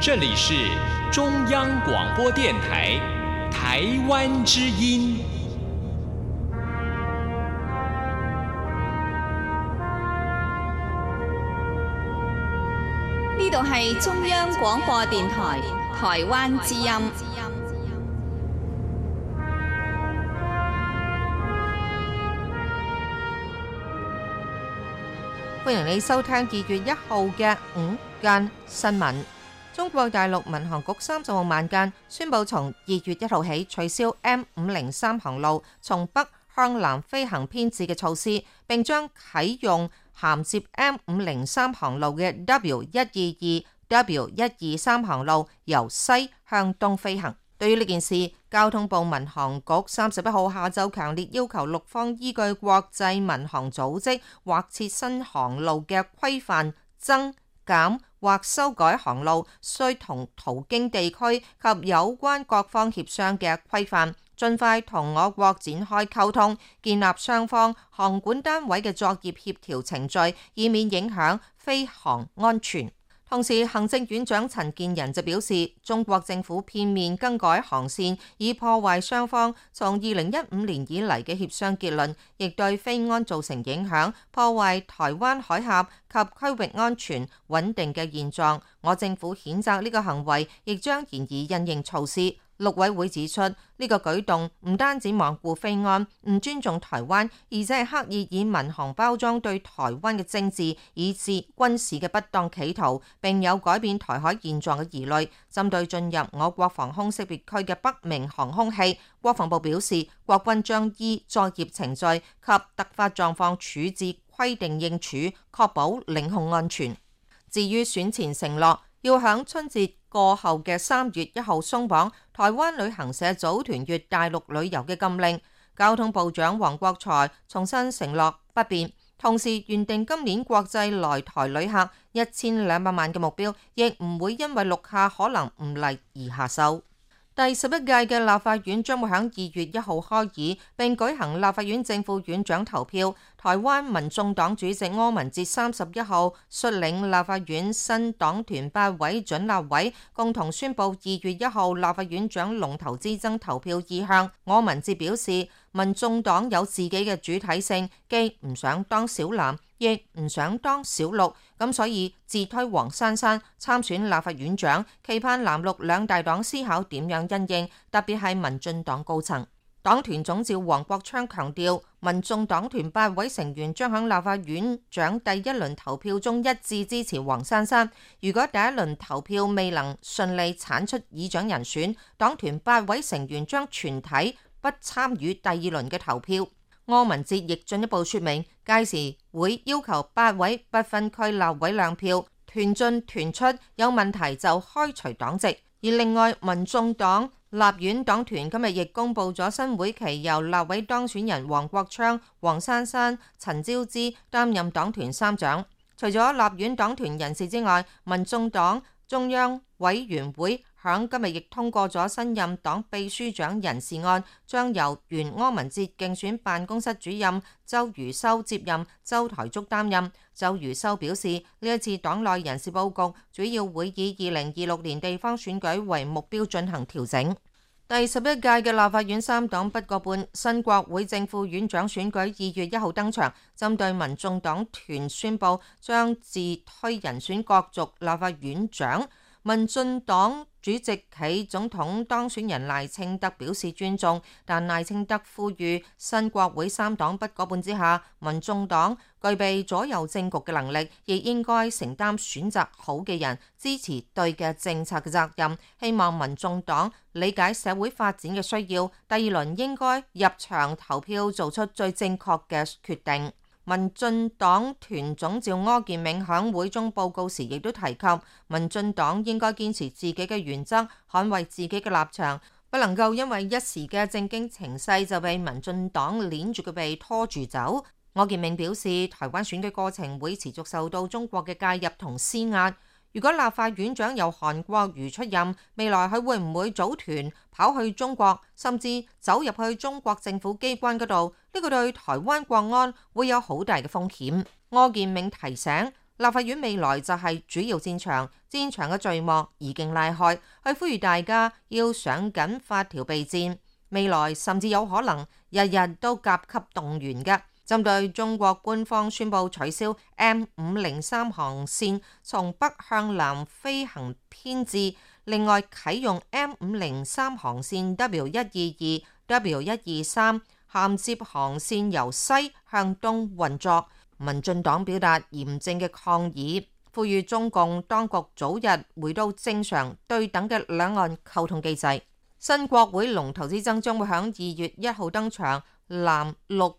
這裡是中央廣播電台台灣之音。呢度係中央廣播電台台灣之音。歡迎你收聽二月一號嘅午間新聞。中國大陸民航局三十號晚間宣布，從二月一號起取消 M 五零三航路從北向南飛行偏置嘅措施，並將啟用銜接 M 五零三航路嘅 W 一二二、W 一二三航路由西向東飛行。對於呢件事，交通部民航局三十一號下晝強烈要求陸方依據國際民航組織劃設新航路嘅規範增減或修改航路，需同途經地區及有關各方協商嘅規範，盡快同我國展開溝通，建立雙方航管單位嘅作業協調程序，以免影響飛航安全。同時，行政院長陳建仁就表示，中國政府片面更改航線，以破壞雙方從二零一五年以嚟嘅協商結論，亦對飛安造成影響，破壞台灣海峽及區域安全穩定嘅現狀。我政府譴責呢個行為，亦將研議因應措施。陸委會指出，呢、這個舉動唔單止罔顧飛安，唔尊重台灣，而且係刻意以民航包裝對台灣嘅政治以至軍事嘅不當企圖，並有改變台海現狀嘅疑慮。針對進入我國防空識別區嘅不明航空器，國防部表示，國軍將依作業程序及突發狀況處置規定應處，確保領空安全。至於選前承諾要響春節過後嘅三月一號鬆綁台灣旅行社組團越大陸旅遊嘅禁令，交通部長王國材重申承諾不變，同時原定今年國際來台旅客一千兩百萬嘅目標，亦唔會因為陸客可能唔嚟而下手。第十一屆嘅立法院將會喺二月一號開議，並舉行立法院正副院長投票。台灣民眾黨主席柯文哲三十一號率領立法院新黨團八位準立委，共同宣布二月一號立法院長龍頭之爭投票意向。柯文哲表示，民眾黨有自己嘅主體性，既唔想當小藍。亦唔想當小綠，咁所以自推黃珊珊參選立法院長，期盼藍綠兩大黨思考點樣因應，特別係民進黨高層。黨團總召黃國昌強調，民眾黨團八位成員將喺立法院長第一輪投票中一致支持黃珊珊，如果第一輪投票未能順利產出議長人選，黨團八位成員將全體不參與第二輪嘅投票。柯文哲亦進一步説明，屆時會要求八位不分區立委亮票團進團出，有問題就開除黨籍。而另外，民眾黨立院黨團今日亦公布咗新會期由立委當選人黃國昌、黃珊珊、陳昭姿擔任黨團三長。除咗立院黨團人士之外，民眾黨中央委員會響今日亦通過咗新任黨秘書長人事案，將由原柯文哲競選辦公室主任周榆修接任，周台竹擔任。周榆修表示，呢一次黨內人事布局主要會以二零二六年地方選舉為目標進行調整。第十一屆嘅立法院三黨不過半，新國會正副院長選舉二月一號登場。針對民眾黨團宣布將自推人選角逐立法院長，民進黨。主席暨總統當選人賴清德表示尊重，但賴清德呼籲新國會三黨不過半之下，民眾黨具備左右政局嘅能力，亦應該承擔選擇好嘅人、支持對嘅政策嘅責任。希望民眾黨理解社會發展嘅需要，第二輪應該入場投票，做出最正確嘅決定。民進黨團總召柯建銘喺會中報告時，亦都提及民進黨應該堅持自己嘅原則，捍衛自己嘅立場，不能夠因為一時嘅政經情勢就被民進黨鏈住個鼻拖住走。柯建銘表示，台灣選舉過程會持續受到中國嘅介入同施壓。如果立法院長由韓國瑜出任，未來佢會唔會組團跑去中國，甚至走入去中國政府機關嗰度？呢、這個對台灣國安會有好大嘅風險。柯建銘提醒，立法院未來就係主要戰場，戰場嘅序幕已經拉開，佢呼籲大家要想緊發條備戰，未來甚至有可能日日都甲級動員嘅。針對中國官方宣布取消 M 五零三航線從北向南飛行偏置，另外啟用 M 五零三航線 W 一二二、W 一二三銜接航線由西向東運作，民進黨表達嚴正嘅抗議，呼籲中共當局早日回到正常對等嘅兩岸溝通機制。新國會龍頭之爭將會喺二月一號登場，藍、綠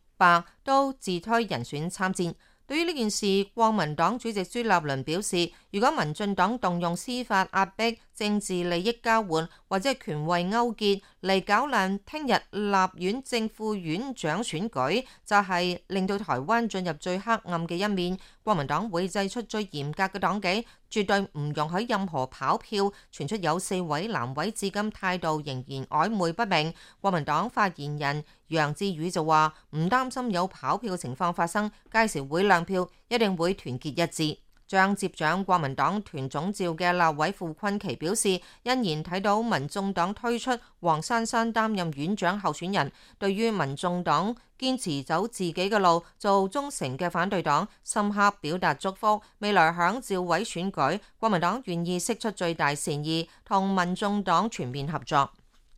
都自推人選參戰。對於呢件事，國民黨主席朱立倫表示，如果民進黨動用司法壓迫，政治利益交換或者係權位勾結嚟搞亂聽日立院正副院長選舉，就係、是、令到台灣進入最黑暗嘅一面。國民黨會祭出最嚴格嘅黨紀，絕對唔容許任何跑票。傳出有四位藍委至今態度仍然曖昧不明。國民黨發言人楊志宇就話：唔擔心有跑票嘅情況發生，屆時會亮票，一定會團結一致。將接掌國民黨團總召嘅立委傅崑萁表示，欣然睇到民眾黨推出黃珊珊擔任院長候選人，對於民眾黨堅持走自己嘅路，做忠誠嘅反對黨，深刻表達祝福。未來響召委選舉，國民黨願意釋出最大善意，同民眾黨全面合作。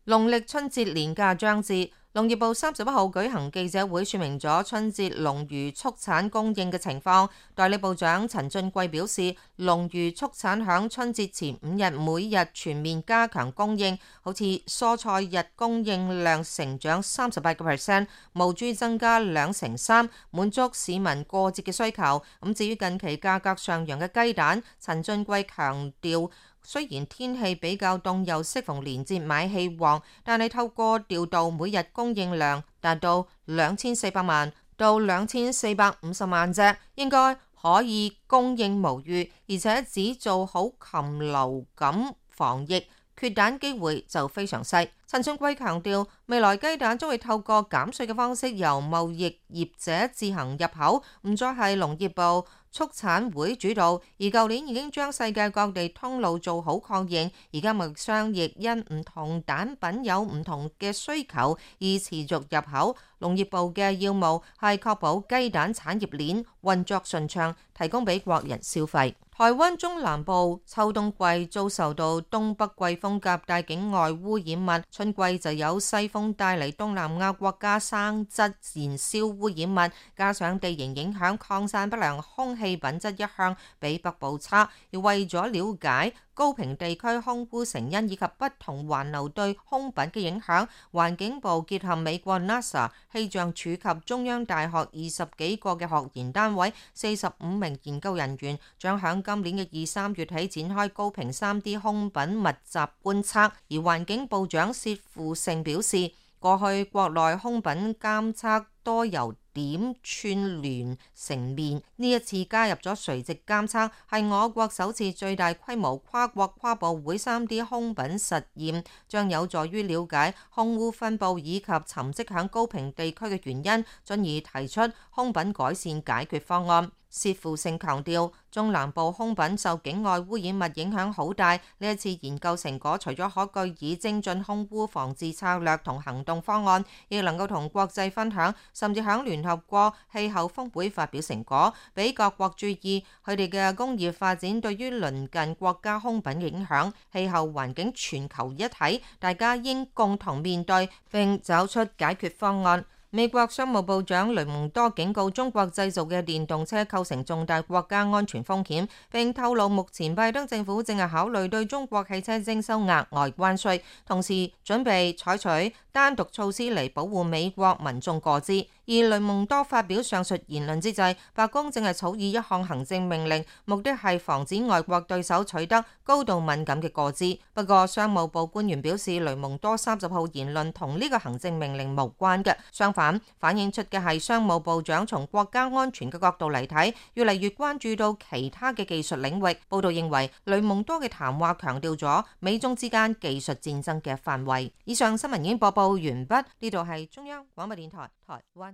農曆春節年假將至。農業部三十一號舉行記者會，說明咗春節農漁畜產供應嘅情況。代理部長陳駿季表示，農漁畜產響春節前五日，每日全面加強供應，好似蔬菜日供應量成長三十八個 percent，毛豬增加兩成三，滿足市民過節嘅需求。咁至於近期價格上揚嘅雞蛋，陳駿季強調。雖然天氣比較凍，又適逢年節買氣旺，但係透過調度，每日供應量達到兩千四百萬到兩千四百五十萬隻，應該可以供應無虞，而且只做好禽流感防疫。缺蛋機會就非常細。陳駿季強調，未來雞蛋將會透過減稅嘅方式由貿易業者自行入口，唔再係農業部畜產會主導。而舊年已經將世界各地通路做好確認，而家貿易商亦因唔同蛋品有唔同嘅需求而持續入口。農業部嘅要務係確保雞蛋產業鏈運作順暢，提供俾國人消費。台灣中南部秋冬季遭受到東北季風夾帶境外污染物，春季就有西風帶來東南亞國家生質燃燒污染物，加上地形影響擴散不良，空氣品質一向比北部差。為了了解高屏地區空污成因以及不同環流對空品嘅影響，環境部結合美國 NASA 氣象署及中央大學二十幾個嘅學研單位，四十五名研究人員將響今年嘅二三月起展開高屏三 D 空品密集觀測。而環境部長薛富盛表示，過去國內空品監測多由點串聯成面，呢一次加入咗垂直監測，係我國首次最大規模跨國跨部會三 D 空品實驗，將有助於了解空污分布以及沉積響高屏地區嘅原因，進而提出空品改善解決方案。薛富盛強調，中南部空品受境外污染物影響好大，呢一次研究成果除咗可據以精進空污防治策略同行動方案，亦能夠同國際分享。甚至喺聯合國氣候峰會發表成果，俾各國注意，佢哋嘅工業發展對於鄰近國家空品嘅影響。氣候環境全球一體，大家應共同面對並找出解決方案。美國商務部長雷蒙多警告，中國製造嘅電動車構成重大國家安全風險，並透露目前拜登政府正係考慮對中國汽車徵收額外關稅，同時準備採取單獨措施嚟保護美國民眾個資。而雷蒙多發表上述言論之際，白宮正係草擬一項行政命令，目的係防止外國對手取得高度敏感嘅個資。不過商務部官員表示，雷蒙多三十號言論同呢個行政命令無關嘅，相反反映出嘅係商務部長從國家安全嘅角度嚟睇，越嚟越關注到其他嘅技術領域。報道認為，雷蒙多嘅談話強調咗美中之間技術戰爭嘅範圍。以上新聞已經播報完畢，呢度係中央廣播電台台灣。